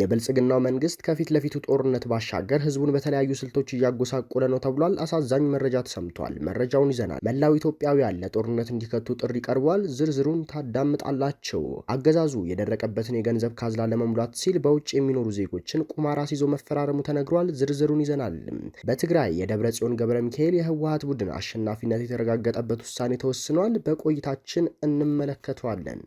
የብልጽግናው መንግስት ከፊት ለፊቱ ጦርነት ባሻገር ህዝቡን በተለያዩ ስልቶች እያጎሳቆለ ነው ተብሏል። አሳዛኝ መረጃ ተሰምቷል። መረጃውን ይዘናል። መላው ኢትዮጵያውያን ለጦርነት እንዲከቱ ጥሪ ቀርቧል። ዝርዝሩን ታዳምጣላቸው። አገዛዙ የደረቀበትን የገንዘብ ካዝላ ለመሙላት ሲል በውጭ የሚኖሩ ዜጎችን ቁማራ አስይዞ መፈራረሙ ተነግሯል። ዝርዝሩን ይዘናል። በትግራይ የደብረ ጽዮን ገብረ ሚካኤል የህወሀት ቡድን አሸናፊነት የተረጋገጠበት ውሳኔ ተወስኗል። በቆይታችን እንመለከተዋለን።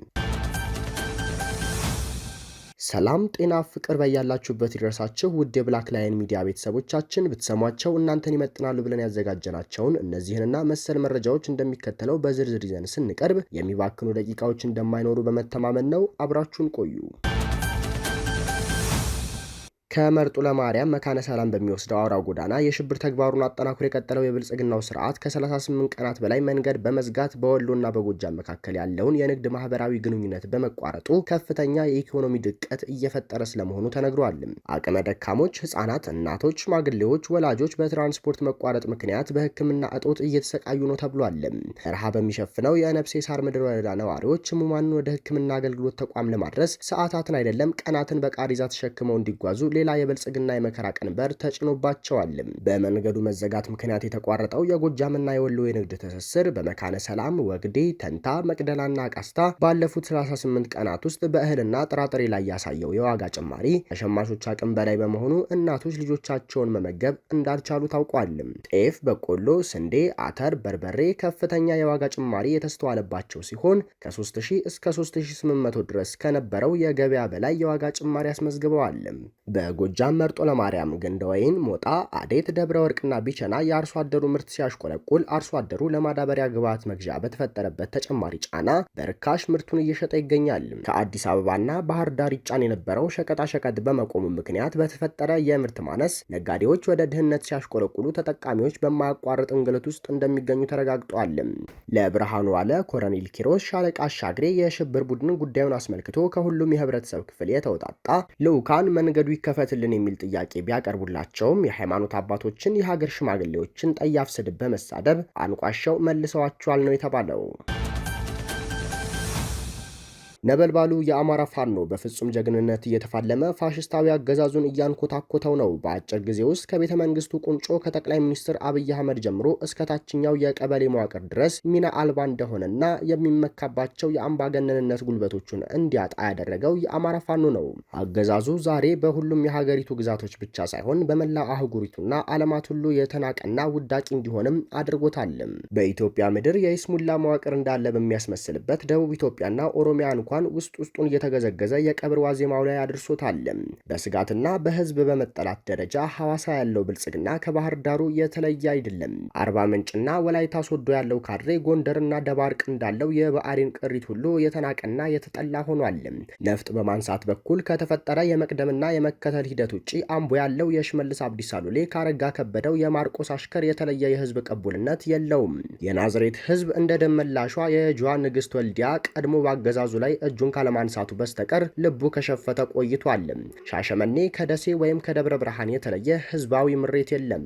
ሰላም ጤና ፍቅር በያላችሁበት ይደርሳችሁ ውድ የብላክ ላይን ሚዲያ ቤተሰቦቻችን ብትሰሟቸው እናንተን ይመጥናሉ ብለን ያዘጋጀናቸውን እነዚህንና መሰል መረጃዎች እንደሚከተለው በዝርዝር ይዘን ስንቀርብ የሚባክኑ ደቂቃዎች እንደማይኖሩ በመተማመን ነው። አብራችሁን ቆዩ። ከመርጡ ለማርያም መካነ ሰላም በሚወስደው አውራ ጎዳና የሽብር ተግባሩን አጠናክሮ የቀጠለው የብልጽግናው ስርዓት ከ38 ቀናት በላይ መንገድ በመዝጋት በወሎና በጎጃም መካከል ያለውን የንግድ ማህበራዊ ግንኙነት በመቋረጡ ከፍተኛ የኢኮኖሚ ድቀት እየፈጠረ ስለመሆኑ ተነግሯል። አቅመ ደካሞች፣ ህጻናት፣ እናቶች፣ ሽማግሌዎች፣ ወላጆች በትራንስፖርት መቋረጥ ምክንያት በህክምና እጦት እየተሰቃዩ ነው ተብሏል። ረሃብ በሚሸፍነው የነብሴ ሳር ምድር ወረዳ ነዋሪዎች ህሙማንን ወደ ህክምና አገልግሎት ተቋም ለማድረስ ሰዓታትን አይደለም ቀናትን በቃሪዛ ተሸክመው እንዲጓዙ ሌላ ሌላ የብልጽግና የመከራ ቀንበር ተጭኖባቸዋል። በመንገዱ መዘጋት ምክንያት የተቋረጠው የጎጃምና የወሎ የንግድ ትስስር በመካነ ሰላም፣ ወግዴ፣ ተንታ፣ መቅደላና ቃስታ ባለፉት 38 ቀናት ውስጥ በእህልና ጥራጥሬ ላይ ያሳየው የዋጋ ጭማሪ ከሸማቾች አቅም በላይ በመሆኑ እናቶች ልጆቻቸውን መመገብ እንዳልቻሉ ታውቋል። ጤፍ፣ በቆሎ፣ ስንዴ፣ አተር፣ በርበሬ ከፍተኛ የዋጋ ጭማሪ የተስተዋለባቸው ሲሆን ከ3000 እስከ 3800 ድረስ ከነበረው የገበያ በላይ የዋጋ ጭማሪ አስመዝግበዋል። በጎጃም መርጦ ለማርያም፣ ገንደወይን፣ ሞጣ፣ አዴት፣ ደብረ ወርቅና ቢቸና የአርሶ አደሩ ምርት ሲያሽቆለቁል አርሶ አደሩ ለማዳበሪያ ግብዓት መግዣ በተፈጠረበት ተጨማሪ ጫና በርካሽ ምርቱን እየሸጠ ይገኛል። ከአዲስ አበባና ባህር ዳር ይጫን የነበረው ሸቀጣሸቀጥ በመቆሙ ምክንያት በተፈጠረ የምርት ማነስ ነጋዴዎች ወደ ድህነት ሲያሽቆለቁሉ ተጠቃሚዎች በማያቋርጥ እንግልት ውስጥ እንደሚገኙ ተረጋግጧል። ለብርሃኑ ዋለ፣ ኮሎኔል ኪሮስ፣ ሻለቃ አሻግሬ የሽብር ቡድን ጉዳዩን አስመልክቶ ከሁሉም የህብረተሰብ ክፍል የተውጣጣ ልዑካን መንገዱ ይከፈ ይከፈትልን የሚል ጥያቄ ቢያቀርቡላቸውም የሃይማኖት አባቶችን የሀገር ሽማግሌዎችን ጠያፍ ስድብ በመሳደብ አንቋሸው መልሰዋቸዋል ነው የተባለው። ነበልባሉ የአማራ ፋኖ በፍጹም ጀግንነት እየተፋለመ ፋሽስታዊ አገዛዙን እያንኮታኮተው ነው። በአጭር ጊዜ ውስጥ ከቤተ መንግስቱ ቁንጮ ከጠቅላይ ሚኒስትር አብይ አህመድ ጀምሮ እስከ ታችኛው የቀበሌ መዋቅር ድረስ ሚና አልባ እንደሆነና የሚመካባቸው የአምባገነንነት ጉልበቶቹን እንዲያጣ ያደረገው የአማራ ፋኖ ነው። አገዛዙ ዛሬ በሁሉም የሀገሪቱ ግዛቶች ብቻ ሳይሆን በመላ አህጉሪቱና ዓለማት ሁሉ የተናቀና ውዳቂ እንዲሆንም አድርጎታልም። በኢትዮጵያ ምድር የይስሙላ መዋቅር እንዳለ በሚያስመስልበት ደቡብ ኢትዮጵያና ኦሮሚያን እንኳን ውስጥ ውስጡን እየተገዘገዘ የቀብር ዋዜማው ላይ አድርሶታል። በስጋትና በህዝብ በመጠላት ደረጃ ሐዋሳ ያለው ብልጽግና ከባህር ዳሩ የተለየ አይደለም። አርባ ምንጭና ወላይታ ሶዶ ያለው ካድሬ ጎንደርና ደባርቅ እንዳለው የብአዴን ቅሪት ሁሉ የተናቀና የተጠላ ሆኗል። ነፍጥ በማንሳት በኩል ከተፈጠረ የመቅደምና የመከተል ሂደት ውጭ አምቦ ያለው የሽመልስ አብዲሳ ሉሌ ካረጋ ከበደው የማርቆስ አሽከር የተለየ የህዝብ ቅቡልነት የለውም። የናዝሬት ህዝብ እንደ ደመላሿ የጇ ንግስት ወልዲያ ቀድሞ በአገዛዙ ላይ እጁን ካለማንሳቱ በስተቀር ልቡ ከሸፈተ ቆይቷል። ሻሸመኔ ከደሴ ወይም ከደብረ ብርሃን የተለየ ህዝባዊ ምሬት የለም።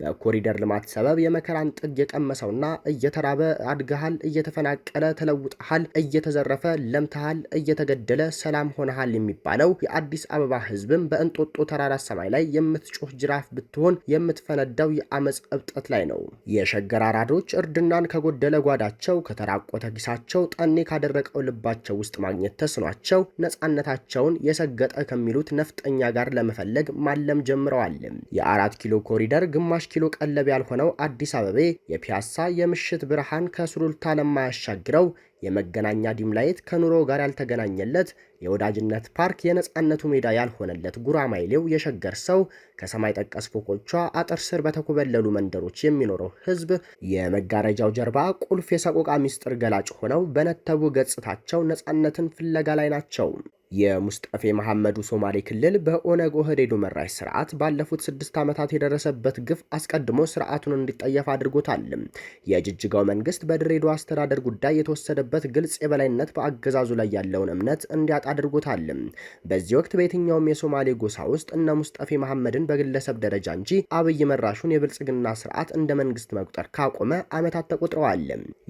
በኮሪደር ልማት ሰበብ የመከራን ጥግ የቀመሰውና እየተራበ አድገሃል፣ እየተፈናቀለ ተለውጠሃል፣ እየተዘረፈ ለምተሃል፣ እየተገደለ ሰላም ሆነሃል የሚባለው የአዲስ አበባ ህዝብም በእንጦጦ ተራራ ሰማይ ላይ የምትጮህ ጅራፍ ብትሆን የምትፈነዳው የአመፅ እብጠት ላይ ነው። የሸገር አራዶች እርድናን ከጎደለ ጓዳቸው፣ ከተራቆተ ኪሳቸው፣ ጠኔ ካደረቀው ልባቸው ውስጥ ማግኘት ተስኗቸው ነፃነታቸውን የሰገጠ ከሚሉት ነፍጠኛ ጋር ለመፈለግ ማለም ጀምረዋል። የአራት ኪሎ ኮሪደር ግማሽ ኪሎ ቀለብ ያልሆነው አዲስ አበቤ የፒያሳ የምሽት ብርሃን ከሱሉልታ ለማያሻግረው የመገናኛ ዲምላይት ከኑሮ ጋር ያልተገናኘለት የወዳጅነት ፓርክ የነፃነቱ ሜዳ ያልሆነለት ጉራማይሌው የሸገር ሰው ከሰማይ ጠቀስ ፎቆቿ አጥር ስር በተኮበለሉ መንደሮች የሚኖረው ህዝብ የመጋረጃው ጀርባ ቁልፍ የሰቆቃ ሚስጥር ገላጭ ሆነው በነተቡ ገጽታቸው ነፃነትን ፍለጋ ላይ ናቸው። የሙስጠፌ መሐመዱ ሶማሌ ክልል በኦነግ ኦህዴዱ መራሽ ስርዓት ባለፉት ስድስት ዓመታት የደረሰበት ግፍ አስቀድሞ ስርዓቱን እንዲጠየፍ አድርጎታል። የጅጅጋው መንግስት በድሬዳዋ አስተዳደር ጉዳይ የተወሰደ የደረሰበት ግልጽ የበላይነት በአገዛዙ ላይ ያለውን እምነት እንዲያጣ አድርጎታል። በዚህ ወቅት በየትኛውም የሶማሌ ጎሳ ውስጥ እነ ሙስጠፌ መሐመድን በግለሰብ ደረጃ እንጂ አብይ መራሹን የብልጽግና ስርዓት እንደ መንግስት መቁጠር ካቆመ ዓመታት ተቆጥረዋል።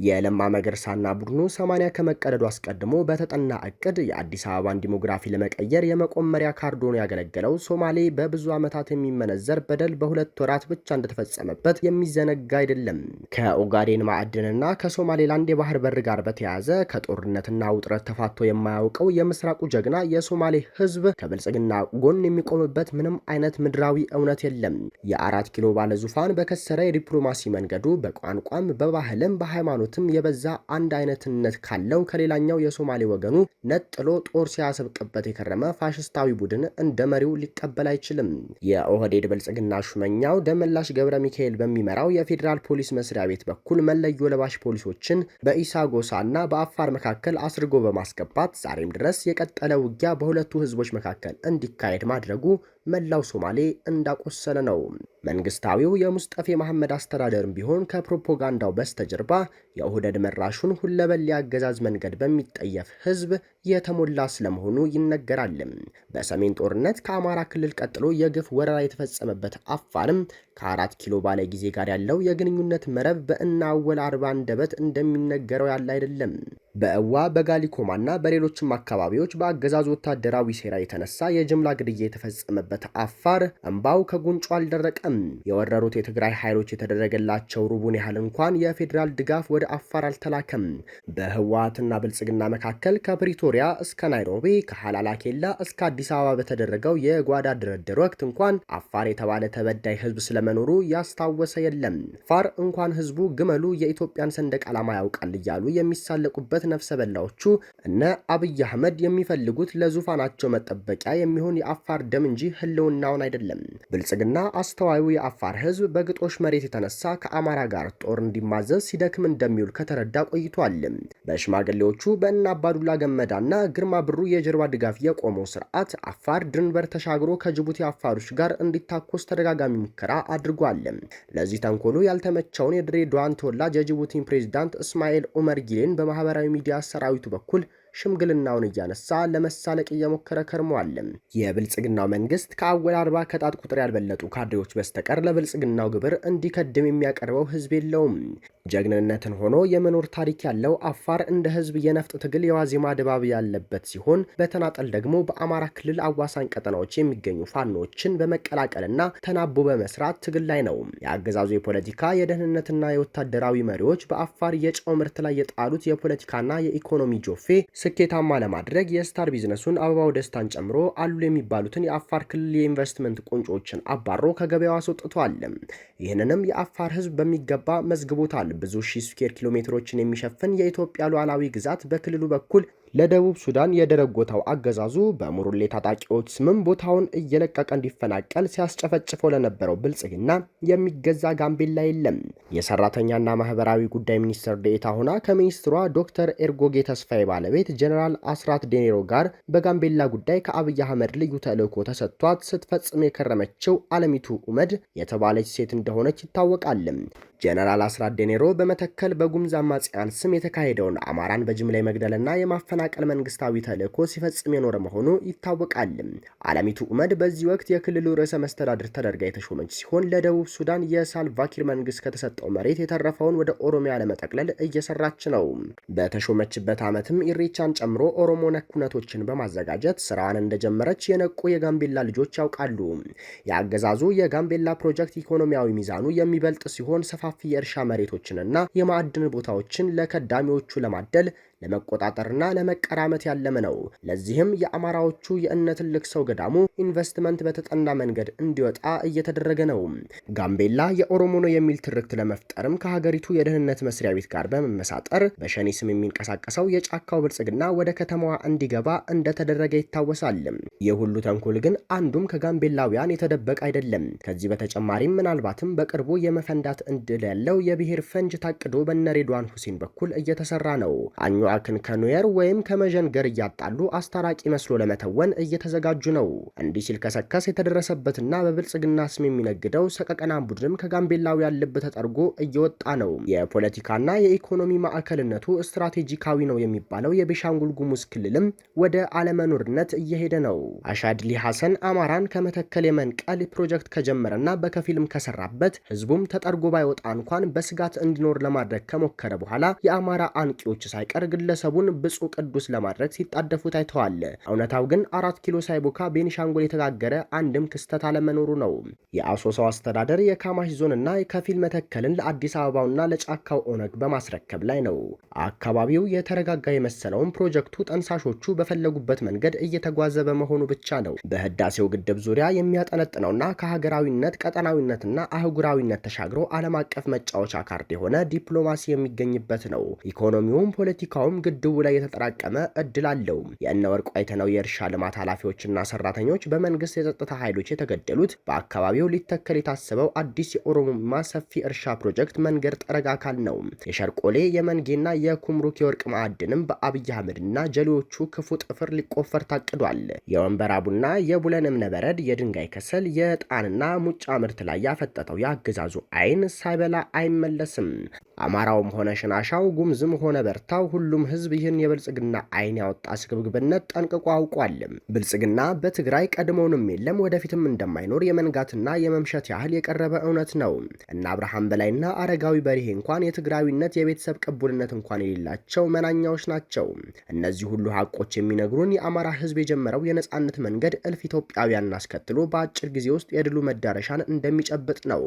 የለማ መገርሳና ቡድኑ ሰማንያ ከመቀደዱ አስቀድሞ በተጠና እቅድ የአዲስ አበባን ዲሞግራፊ ለመቀየር የመቆመሪያ ካርዶን ያገለገለው ሶማሌ በብዙ ዓመታት የሚመነዘር በደል በሁለት ወራት ብቻ እንደተፈጸመበት የሚዘነጋ አይደለም። ከኦጋዴን ማዕድንና ከሶማሌላንድ የባህር በር ጋር በተያ የተያዘ ከጦርነትና ውጥረት ተፋቶ የማያውቀው የምስራቁ ጀግና የሶማሌ ህዝብ ከብልጽግና ጎን የሚቆምበት ምንም አይነት ምድራዊ እውነት የለም። የአራት ኪሎ ባለ ዙፋን በከሰረ የዲፕሎማሲ መንገዱ በቋንቋም በባህልም በሃይማኖትም የበዛ አንድ አይነትነት ካለው ከሌላኛው የሶማሌ ወገኑ ነጥሎ ጦር ሲያሰብቅበት የከረመ ፋሽስታዊ ቡድን እንደ መሪው ሊቀበል አይችልም። የኦህዴድ ብልጽግና ሹመኛው ደመላሽ ገብረ ሚካኤል በሚመራው የፌዴራል ፖሊስ መስሪያ ቤት በኩል መለዮ ለባሽ ፖሊሶችን በኢሳ ጎሳና በአፋር መካከል አስርጎ በማስገባት ዛሬም ድረስ የቀጠለ ውጊያ በሁለቱ ህዝቦች መካከል እንዲካሄድ ማድረጉ መላው ሶማሌ እንዳቆሰለ ነው። መንግስታዊው የሙስጠፌ መሐመድ አስተዳደርም ቢሆን ከፕሮፓጋንዳው በስተጀርባ የኦህደድ መራሹን ሁለበል አገዛዝ መንገድ በሚጠየፍ ህዝብ የተሞላ ስለመሆኑ ይነገራል። በሰሜን ጦርነት ከአማራ ክልል ቀጥሎ የግፍ ወረራ የተፈጸመበት አፋርም ከአራት ኪሎ ባለ ጊዜ ጋር ያለው የግንኙነት መረብ በእናወል አርባ አንደበት እንደሚነገረው ያለ አይደለም። በእዋ በጋሊኮማና በሌሎችም አካባቢዎች በአገዛዙ ወታደራዊ ሴራ የተነሳ የጅምላ ግድያ የተፈጸመበት አፋር እምባው ከጉንጩ አልደረቀም። የወረሩት የትግራይ ኃይሎች የተደረገላቸው ሩቡን ያህል እንኳን የፌዴራል ድጋፍ ወደ አፋር አልተላከም። በህወሀትና ብልጽግና መካከል ከፕሪቶሪያ እስከ ናይሮቢ ከሀላላ ኬላ እስከ አዲስ አበባ በተደረገው የጓዳ ድርድር ወቅት እንኳን አፋር የተባለ ተበዳይ ህዝብ ስለመኖሩ ያስታወሰ የለም። ፋር እንኳን ህዝቡ ግመሉ የኢትዮጵያን ሰንደቅ ዓላማ ያውቃል እያሉ የሚሳለቁበት ያሉበት ነፍሰ በላዎቹ እነ አብይ አህመድ የሚፈልጉት ለዙፋናቸው መጠበቂያ የሚሆን የአፋር ደም እንጂ ህልውናውን አይደለም። ብልጽግና አስተዋዩ የአፋር ህዝብ በግጦሽ መሬት የተነሳ ከአማራ ጋር ጦር እንዲማዘዝ ሲደክም እንደሚውል ከተረዳ ቆይቷል። በሽማግሌዎቹ በእነ አባዱላ ገመዳና ግርማ ብሩ የጀርባ ድጋፍ የቆመው ስርዓት አፋር ድንበር ተሻግሮ ከጅቡቲ አፋሮች ጋር እንዲታኮስ ተደጋጋሚ ሙከራ አድርጓል። ለዚህ ተንኮሉ ያልተመቸውን የድሬዳዋን ተወላጅ የጅቡቲን ፕሬዚዳንት እስማኤል ኡመር ጊሌን በማህበራዊ በሚዲያ ሰራዊቱ በኩል ሽምግልናውን እያነሳ ለመሳለቅ እየሞከረ ከርሟል። የብልጽግናው መንግስት ከአወል አርባ ከጣት ቁጥር ያልበለጡ ካድሬዎች በስተቀር ለብልጽግናው ግብር እንዲከድም የሚያቀርበው ህዝብ የለውም። ጀግንነትን ሆኖ የመኖር ታሪክ ያለው አፋር እንደ ህዝብ የነፍጥ ትግል የዋዜማ ድባብ ያለበት ሲሆን፣ በተናጠል ደግሞ በአማራ ክልል አዋሳኝ ቀጠናዎች የሚገኙ ፋኖችን በመቀላቀልና ተናቦ በመስራት ትግል ላይ ነው። የአገዛዙ የፖለቲካ የደህንነትና የወታደራዊ መሪዎች በአፋር የጨው ምርት ላይ የጣሉት የፖለቲካና የኢኮኖሚ ጆፌ ስኬታማ ለማድረግ የስታር ቢዝነሱን አበባው ደስታን ጨምሮ አሉ የሚባሉትን የአፋር ክልል የኢንቨስትመንት ቁንጮችን አባሮ ከገበያው አስወጥቷል። ይህንንም የአፋር ህዝብ በሚገባ መዝግቦታል። ብዙ ሺ ስኩዌር ኪሎ ሜትሮችን የሚሸፍን የኢትዮጵያ ሉዓላዊ ግዛት በክልሉ በኩል ለደቡብ ሱዳን የደረጎታው አገዛዙ በሙሩሌ ታጣቂዎች ስምም ቦታውን እየለቀቀ እንዲፈናቀል ሲያስጨፈጭፈው ለነበረው ብልጽግና የሚገዛ ጋምቤላ የለም። የሰራተኛና ማህበራዊ ጉዳይ ሚኒስትር ዴኤታ ሆና ከሚኒስትሯ ዶክተር ኤርጎጌ ተስፋዬ ባለቤት ጀኔራል አስራት ዴኔሮ ጋር በጋምቤላ ጉዳይ ከአብይ አህመድ ልዩ ተልዕኮ ተሰጥቷት ስትፈጽም የከረመችው አለሚቱ ኡመድ የተባለች ሴት እንደሆነች ይታወቃል። ጄኔራል አስራት ዴኔሮ በመተከል በጉምዝ አማጽያን ስም የተካሄደውን አማራን በጅምላ የመግደልና የማፈናቀል መንግስታዊ ተልዕኮ ሲፈጽም የኖረ መሆኑ ይታወቃል። አለሚቱ ኡመድ በዚህ ወቅት የክልሉ ርዕሰ መስተዳድር ተደርጋ የተሾመች ሲሆን ለደቡብ ሱዳን የሳልቫኪር መንግስት ከተሰጠው መሬት የተረፈውን ወደ ኦሮሚያ ለመጠቅለል እየሰራች ነው። በተሾመችበት ዓመትም ኢሬቻን ጨምሮ ኦሮሞ ነክ ሁነቶችን በማዘጋጀት ስራዋን እንደጀመረች የነቁ የጋምቤላ ልጆች ያውቃሉ። የአገዛዙ የጋምቤላ ፕሮጀክት ኢኮኖሚያዊ ሚዛኑ የሚበልጥ ሲሆን ሰፋ ሰፋፊ የእርሻ መሬቶችንና የማዕድን ቦታዎችን ለከዳሚዎቹ ለማደል ለመቆጣጠርና ለመቀራመት ያለመ ነው። ለዚህም የአማራዎቹ የእነ ትልቅ ሰው ገዳሙ ኢንቨስትመንት በተጠና መንገድ እንዲወጣ እየተደረገ ነው። ጋምቤላ የኦሮሞ ነው የሚል ትርክት ለመፍጠርም ከሀገሪቱ የደህንነት መስሪያ ቤት ጋር በመመሳጠር በሸኔ ስም የሚንቀሳቀሰው የጫካው ብልጽግና ወደ ከተማዋ እንዲገባ እንደተደረገ ይታወሳል። ይህ ሁሉ ተንኮል ግን አንዱም ከጋምቤላውያን የተደበቀ አይደለም። ከዚህ በተጨማሪም ምናልባትም በቅርቡ የመፈንዳት እድል ያለው የብሔር ፈንጅ ታቅዶ በነሬድዋን ሁሴን በኩል እየተሰራ ነው። ሉአክን ከኖየር ወይም ከመዠንገር እያጣሉ አስታራቂ መስሎ ለመተወን እየተዘጋጁ ነው። እንዲህ ሲል ከሰከስ የተደረሰበትና በብልጽግና ስም የሚነግደው ሰቀቀና ቡድንም ከጋምቤላውያን ልብ ተጠርጎ እየወጣ ነው። የፖለቲካና የኢኮኖሚ ማዕከልነቱ ስትራቴጂካዊ ነው የሚባለው የቤሻንጉል ጉሙዝ ክልልም ወደ አለመኖርነት እየሄደ ነው። አሻድሊ ሐሰን አማራን ከመተከል የመንቀል ፕሮጀክት ከጀመረና በከፊልም ከሰራበት ህዝቡም ተጠርጎ ባይወጣ እንኳን በስጋት እንዲኖር ለማድረግ ከሞከረ በኋላ የአማራ አንቂዎች ሳይቀር ግለሰቡን ብፁዕ ቅዱስ ለማድረግ ሲጣደፉ ታይተዋል። እውነታው ግን አራት ኪሎ ሳይቦካ ቤኒሻንጉል የተጋገረ አንድም ክስተት አለመኖሩ ነው። የአሶሳው አስተዳደር የካማሽ ዞንና ከፊል መተከልን ለአዲስ አበባውና ለጫካው ኦነግ በማስረከብ ላይ ነው። አካባቢው የተረጋጋ የመሰለውን ፕሮጀክቱ ጠንሳሾቹ በፈለጉበት መንገድ እየተጓዘ በመሆኑ ብቻ ነው። በህዳሴው ግድብ ዙሪያ የሚያጠነጥነውና ከሀገራዊነት ቀጠናዊነትና አህጉራዊነት ተሻግሮ ዓለም አቀፍ መጫወቻ ካርድ የሆነ ዲፕሎማሲ የሚገኝበት ነው። ኢኮኖሚውም ፖለቲካውም እንዲያውም ግድቡ ላይ የተጠራቀመ እድል አለው። የእነ ወርቁ አይተነው የእርሻ ልማት ኃላፊዎችና ሰራተኞች በመንግስት የጸጥታ ኃይሎች የተገደሉት በአካባቢው ሊተከል የታሰበው አዲስ የኦሮሞማ ሰፊ እርሻ ፕሮጀክት መንገድ ጠረጋ አካል ነው። የሸርቆሌ የመንጌና የኩምሩክ የወርቅ ማዕድንም በአብይ አህመድና ጀሌዎቹ ክፉ ጥፍር ሊቆፈር ታቅዷል። የወንበራ ቡና፣ የቡለን እብነበረድ፣ የድንጋይ ከሰል፣ የዕጣንና ሙጫ ምርት ላይ ያፈጠጠው የአገዛዙ አይን ሳይበላ አይመለስም። አማራውም ሆነ ሽናሻው፣ ጉምዝም ሆነ በርታው ሁሉም ህዝብ ይህን የብልጽግና አይን ያወጣ ስግብግብነት ጠንቅቆ አውቋልም። ብልጽግና በትግራይ ቀድሞውንም የለም ወደፊትም እንደማይኖር የመንጋትና የመምሸት ያህል የቀረበ እውነት ነው። እና አብርሃም በላይና አረጋዊ በርሄ እንኳን የትግራዊነት የቤተሰብ ቅቡልነት እንኳን የሌላቸው መናኛዎች ናቸው። እነዚህ ሁሉ ሀቆች የሚነግሩን የአማራ ህዝብ የጀመረው የነጻነት መንገድ እልፍ ኢትዮጵያውያን አስከትሎ በአጭር ጊዜ ውስጥ የድሉ መዳረሻን እንደሚጨብጥ ነው።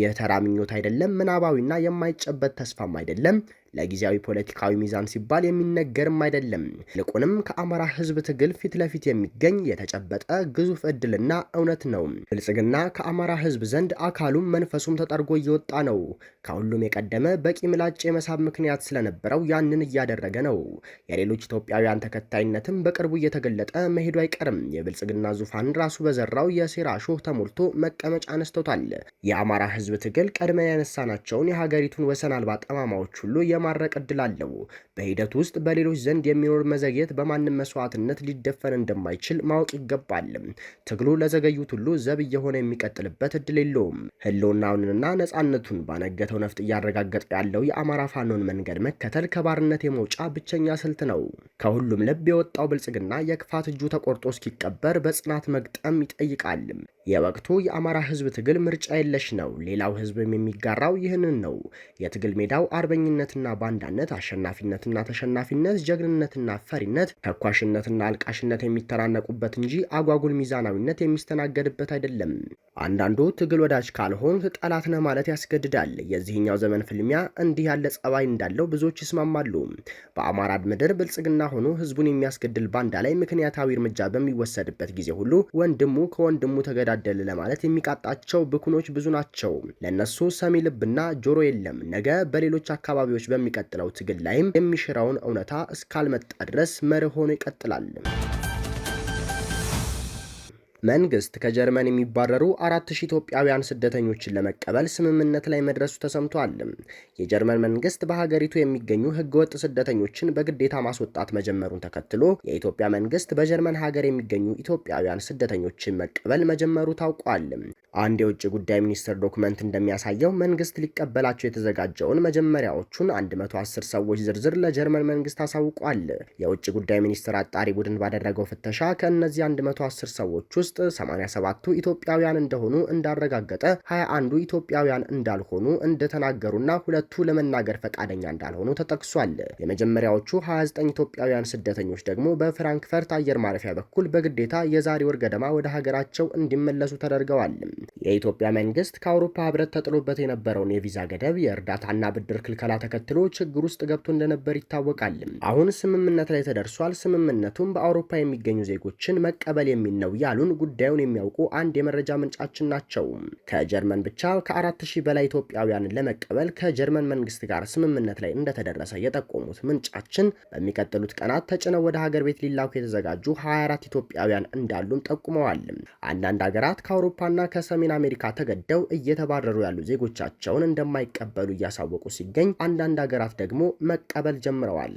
ይህ ተራ ምኞት አይደለም፣ ምናባዊና የማይጨብ የሚደረስበት ተስፋም አይደለም። ለጊዜያዊ ፖለቲካዊ ሚዛን ሲባል የሚነገርም አይደለም። ይልቁንም ከአማራ ህዝብ ትግል ፊት ለፊት የሚገኝ የተጨበጠ ግዙፍ እድልና እውነት ነው። ብልጽግና ከአማራ ህዝብ ዘንድ አካሉም መንፈሱም ተጠርጎ እየወጣ ነው። ከሁሉም የቀደመ በቂ ምላጭ የመሳብ ምክንያት ስለነበረው ያንን እያደረገ ነው። የሌሎች ኢትዮጵያውያን ተከታይነትም በቅርቡ እየተገለጠ መሄዱ አይቀርም። የብልጽግና ዙፋን ራሱ በዘራው የሴራ ሾህ ተሞልቶ መቀመጫ አነስተውታል። የአማራ ህዝብ ትግል ቀድመን ያነሳናቸውን የሀገሪቱን ወሰን አልባ ጠማማዎች ሁሉ የማድረቅ እድል አለው። በሂደት ውስጥ በሌሎች ዘንድ የሚኖር መዘግየት በማንም መስዋዕትነት ሊደፈን እንደማይችል ማወቅ ይገባል። ትግሉ ለዘገዩት ሁሉ ዘብ እየሆነ የሚቀጥልበት እድል የለውም። ህልውናውንና ነጻነቱን ባነገተው ነፍጥ እያረጋገጠ ያለው የአማራ ፋኖን መንገድ መከተል ከባርነት የመውጫ ብቸኛ ስልት ነው። ከሁሉም ልብ የወጣው ብልጽግና የክፋት እጁ ተቆርጦ እስኪቀበር በጽናት መግጠም ይጠይቃል። የወቅቱ የአማራ ህዝብ ትግል ምርጫ የለሽ ነው። ሌላው ህዝብም የሚጋራው ይህንን ነው። የትግል ሜዳው አርበኝነትና ባንዳነት፣ አሸናፊነትና ተሸናፊነት፣ ጀግንነትና ፈሪነት፣ ተኳሽነትና አልቃሽነት የሚተናነቁበት እንጂ አጓጉል ሚዛናዊነት የሚስተናገድበት አይደለም። አንዳንዱ ትግል ወዳጅ ካልሆን ጠላት ነህ ማለት ያስገድዳል። የዚህኛው ዘመን ፍልሚያ እንዲህ ያለ ጸባይ እንዳለው ብዙዎች ይስማማሉ። በአማራ ምድር ብልጽግና ሆኖ ህዝቡን የሚያስገድል ባንዳ ላይ ምክንያታዊ እርምጃ በሚወሰድበት ጊዜ ሁሉ ወንድሙ ከወንድሙ ተገዳደለ ለማለት የሚቃጣቸው ብኩኖች ብዙ ናቸው። ለእነሱ ሰሚ ልብና ጆሮ የለም። ነገ በሌሎች አካባቢዎች በሚቀጥለው ትግል ላይም የሚሽረውን እውነታ እስካልመጣ ድረስ መርሆን ይቀጥላል። መንግስት ከጀርመን የሚባረሩ አራት ሺህ ኢትዮጵያውያን ስደተኞችን ለመቀበል ስምምነት ላይ መድረሱ ተሰምቷል። የጀርመን መንግስት በሀገሪቱ የሚገኙ ህገወጥ ስደተኞችን በግዴታ ማስወጣት መጀመሩን ተከትሎ የኢትዮጵያ መንግስት በጀርመን ሀገር የሚገኙ ኢትዮጵያውያን ስደተኞችን መቀበል መጀመሩ ታውቋል። አንድ የውጭ ጉዳይ ሚኒስቴር ዶክመንት እንደሚያሳየው መንግስት ሊቀበላቸው የተዘጋጀውን መጀመሪያዎቹን 110 ሰዎች ዝርዝር ለጀርመን መንግስት አሳውቋል። የውጭ ጉዳይ ሚኒስትር አጣሪ ቡድን ባደረገው ፍተሻ ከእነዚህ 110 ሰዎች ውስጥ ውስጥ 87ቱ ኢትዮጵያውያን እንደሆኑ እንዳረጋገጠ 21ዱ ኢትዮጵያውያን እንዳልሆኑ እንደተናገሩና ሁለቱ ለመናገር ፈቃደኛ እንዳልሆኑ ተጠቅሷል። የመጀመሪያዎቹ 29 ኢትዮጵያውያን ስደተኞች ደግሞ በፍራንክፈርት አየር ማረፊያ በኩል በግዴታ የዛሬ ወር ገደማ ወደ ሀገራቸው እንዲመለሱ ተደርገዋል። የኢትዮጵያ መንግስት ከአውሮፓ ህብረት ተጥሎበት የነበረውን የቪዛ ገደብ የእርዳታና ብድር ክልከላ ተከትሎ ችግር ውስጥ ገብቶ እንደነበር ይታወቃል። አሁን ስምምነት ላይ ተደርሷል። ስምምነቱም በአውሮፓ የሚገኙ ዜጎችን መቀበል የሚል ነው ያሉን ጉዳዩን የሚያውቁ አንድ የመረጃ ምንጫችን ናቸው። ከጀርመን ብቻ ከአራት ሺህ በላይ ኢትዮጵያውያን ለመቀበል ከጀርመን መንግስት ጋር ስምምነት ላይ እንደተደረሰ የጠቆሙት ምንጫችን በሚቀጥሉት ቀናት ተጭነው ወደ ሀገር ቤት ሊላኩ የተዘጋጁ 24 ኢትዮጵያውያን እንዳሉም ጠቁመዋል። አንዳንድ ሀገራት ከአውሮፓና ከሰሜን አሜሪካ ተገደው እየተባረሩ ያሉ ዜጎቻቸውን እንደማይቀበሉ እያሳወቁ ሲገኝ አንዳንድ ሀገራት ደግሞ መቀበል ጀምረዋል።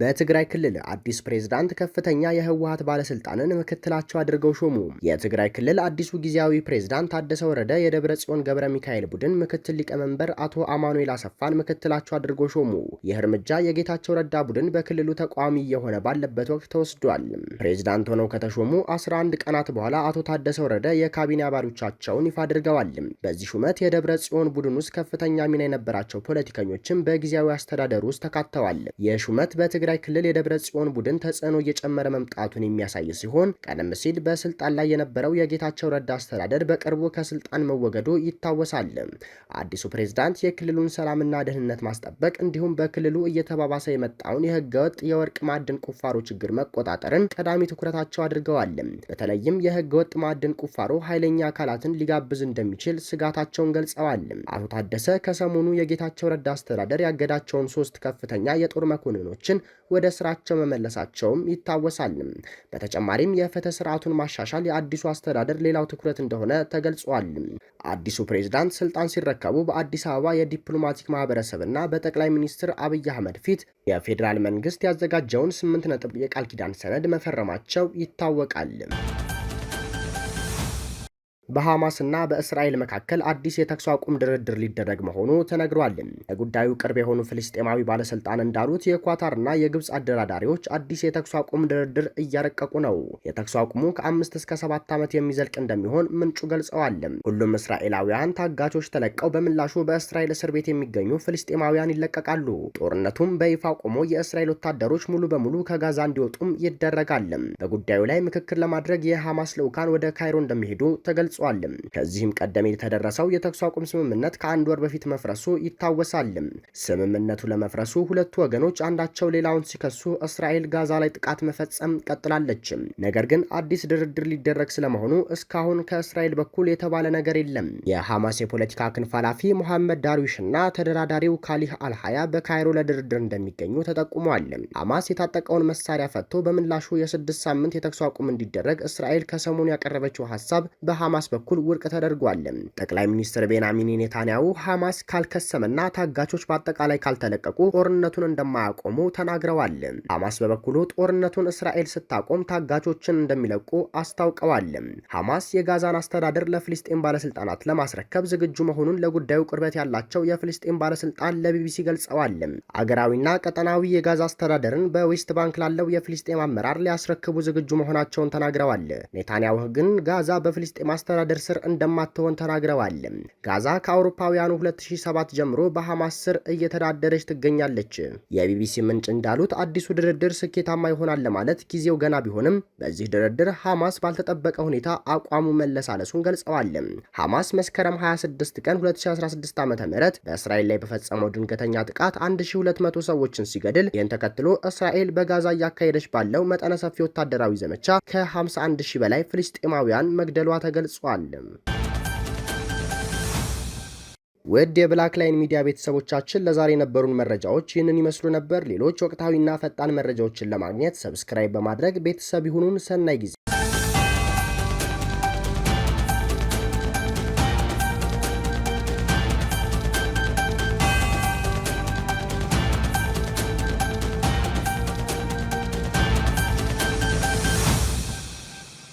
በትግራይ ክልል አዲስ ፕሬዝዳንት ከፍተኛ የህወሀት ባለስልጣንን ምክትላቸው አድርገው ሾሙ። የትግራይ ክልል አዲሱ ጊዜያዊ ፕሬዝዳንት ታደሰ ወረደ የደብረ ጽዮን ገብረ ሚካኤል ቡድን ምክትል ሊቀመንበር አቶ አማኑኤል አሰፋን ምክትላቸው አድርገው ሾሙ። ይህ እርምጃ የጌታቸው ረዳ ቡድን በክልሉ ተቃዋሚ እየሆነ ባለበት ወቅት ተወስዷል። ፕሬዝዳንት ሆነው ከተሾሙ 11 ቀናት በኋላ አቶ ታደሰ ወረደ የካቢኔ አባሎቻቸውን ይፋ አድርገዋል። በዚህ ሹመት የደብረ ጽዮን ቡድን ውስጥ ከፍተኛ ሚና የነበራቸው ፖለቲከኞችም በጊዜያዊ አስተዳደር ውስጥ ተካተዋል። የሹመት በትግራይ የትግራይ ክልል የደብረ ጽዮን ቡድን ተጽዕኖ እየጨመረ መምጣቱን የሚያሳይ ሲሆን ቀደም ሲል በስልጣን ላይ የነበረው የጌታቸው ረዳ አስተዳደር በቅርቡ ከስልጣን መወገዱ ይታወሳል። አዲሱ ፕሬዝዳንት የክልሉን ሰላምና ደህንነት ማስጠበቅ እንዲሁም በክልሉ እየተባባሰ የመጣውን የህገወጥ የወርቅ ማዕድን ቁፋሮ ችግር መቆጣጠርን ቀዳሚ ትኩረታቸው አድርገዋል። በተለይም የህገወጥ ማዕድን ቁፋሮ ኃይለኛ አካላትን ሊጋብዝ እንደሚችል ስጋታቸውን ገልጸዋል። አቶ ታደሰ ከሰሞኑ የጌታቸው ረዳ አስተዳደር ያገዳቸውን ሶስት ከፍተኛ የጦር መኮንኖችን ወደ ስራቸው መመለሳቸውም ይታወሳል። በተጨማሪም የፍትህ ስርዓቱን ማሻሻል የአዲሱ አስተዳደር ሌላው ትኩረት እንደሆነ ተገልጿል። አዲሱ ፕሬዝዳንት ስልጣን ሲረከቡ በአዲስ አበባ የዲፕሎማቲክ ማህበረሰብና በጠቅላይ ሚኒስትር አብይ አህመድ ፊት የፌዴራል መንግስት ያዘጋጀውን ስምንት ነጥብ የቃል ኪዳን ሰነድ መፈረማቸው ይታወቃል። እና በእስራኤል መካከል አዲስ የተኩስ አቁም ድርድር ሊደረግ መሆኑ ተነግሯል። ለጉዳዩ ቅርብ የሆኑ ፍልስጤማዊ ባለስልጣን እንዳሉት የኳታርና የግብፅ አደራዳሪዎች አዲስ የተኩስ አቁም ድርድር እያረቀቁ ነው። የተኩስ አቁሙ ከአምስት እስከ ሰባት ዓመት የሚዘልቅ እንደሚሆን ምንጩ ገልጸዋል። ሁሉም እስራኤላውያን ታጋቾች ተለቀው በምላሹ በእስራኤል እስር ቤት የሚገኙ ፍልስጤማውያን ይለቀቃሉ። ጦርነቱም በይፋ ቆሞ የእስራኤል ወታደሮች ሙሉ በሙሉ ከጋዛ እንዲወጡም ይደረጋል። በጉዳዩ ላይ ምክክር ለማድረግ የሐማስ ልዑካን ወደ ካይሮ እንደሚሄዱ ተገልጿል። ገልጿል። ከዚህም ቀደም የተደረሰው የተኩስ አቁም ስምምነት ከአንድ ወር በፊት መፍረሱ ይታወሳል። ስምምነቱ ለመፍረሱ ሁለቱ ወገኖች አንዳቸው ሌላውን ሲከሱ እስራኤል ጋዛ ላይ ጥቃት መፈጸም ቀጥላለች። ነገር ግን አዲስ ድርድር ሊደረግ ስለመሆኑ እስካሁን ከእስራኤል በኩል የተባለ ነገር የለም። የሐማስ የፖለቲካ ክንፍ ኃላፊ ሞሐመድ ዳርዊሽ እና ተደራዳሪው ካሊህ አልሃያ በካይሮ ለድርድር እንደሚገኙ ተጠቁሟል። ሐማስ የታጠቀውን መሳሪያ ፈትቶ በምላሹ የስድስት ሳምንት የተኩስ አቁም እንዲደረግ እስራኤል ከሰሞኑ ያቀረበችው ሀሳብ በሐማስ በኩል ውድቅ ተደርጓል። ጠቅላይ ሚኒስትር ቤንያሚን ኔታንያሁ ሐማስ ካልከሰመና ታጋቾች በአጠቃላይ ካልተለቀቁ ጦርነቱን እንደማያቆሙ ተናግረዋል። ሐማስ በበኩሉ ጦርነቱን እስራኤል ስታቆም ታጋቾችን እንደሚለቁ አስታውቀዋል። ሐማስ የጋዛን አስተዳደር ለፍልስጤም ባለስልጣናት ለማስረከብ ዝግጁ መሆኑን ለጉዳዩ ቅርበት ያላቸው የፍልስጤም ባለስልጣን ለቢቢሲ ገልጸዋል። አገራዊና ቀጠናዊ የጋዛ አስተዳደርን በዌስት ባንክ ላለው የፍልስጤም አመራር ሊያስረክቡ ዝግጁ መሆናቸውን ተናግረዋል። ኔታንያሁ ግን ጋዛ በፍልስጤም አስተዳደር አስተዳደር ስር እንደማትሆን ተናግረዋል። ጋዛ ከአውሮፓውያኑ 2007 ጀምሮ በሐማስ ስር እየተዳደረች ትገኛለች። የቢቢሲ ምንጭ እንዳሉት አዲሱ ድርድር ስኬታማ ይሆናል ለማለት ጊዜው ገና ቢሆንም በዚህ ድርድር ሐማስ ባልተጠበቀ ሁኔታ አቋሙ መለሳለሱን ገልጸዋል። ሐማስ መስከረም 26 ቀን 2016 ም በእስራኤል ላይ በፈጸመው ድንገተኛ ጥቃት 1200 ሰዎችን ሲገድል ይህን ተከትሎ እስራኤል በጋዛ እያካሄደች ባለው መጠነ ሰፊ ወታደራዊ ዘመቻ ከ51 ሺህ በላይ ፍልስጤማውያን መግደሏ ተገልጿል። ተጽፏል። ውድ የብላክ ላይን ሚዲያ ቤተሰቦቻችን ለዛሬ የነበሩን መረጃዎች ይህንን ይመስሉ ነበር። ሌሎች ወቅታዊና ፈጣን መረጃዎችን ለማግኘት ሰብስክራይብ በማድረግ ቤተሰብ ይሁኑን። ሰናይ ጊዜ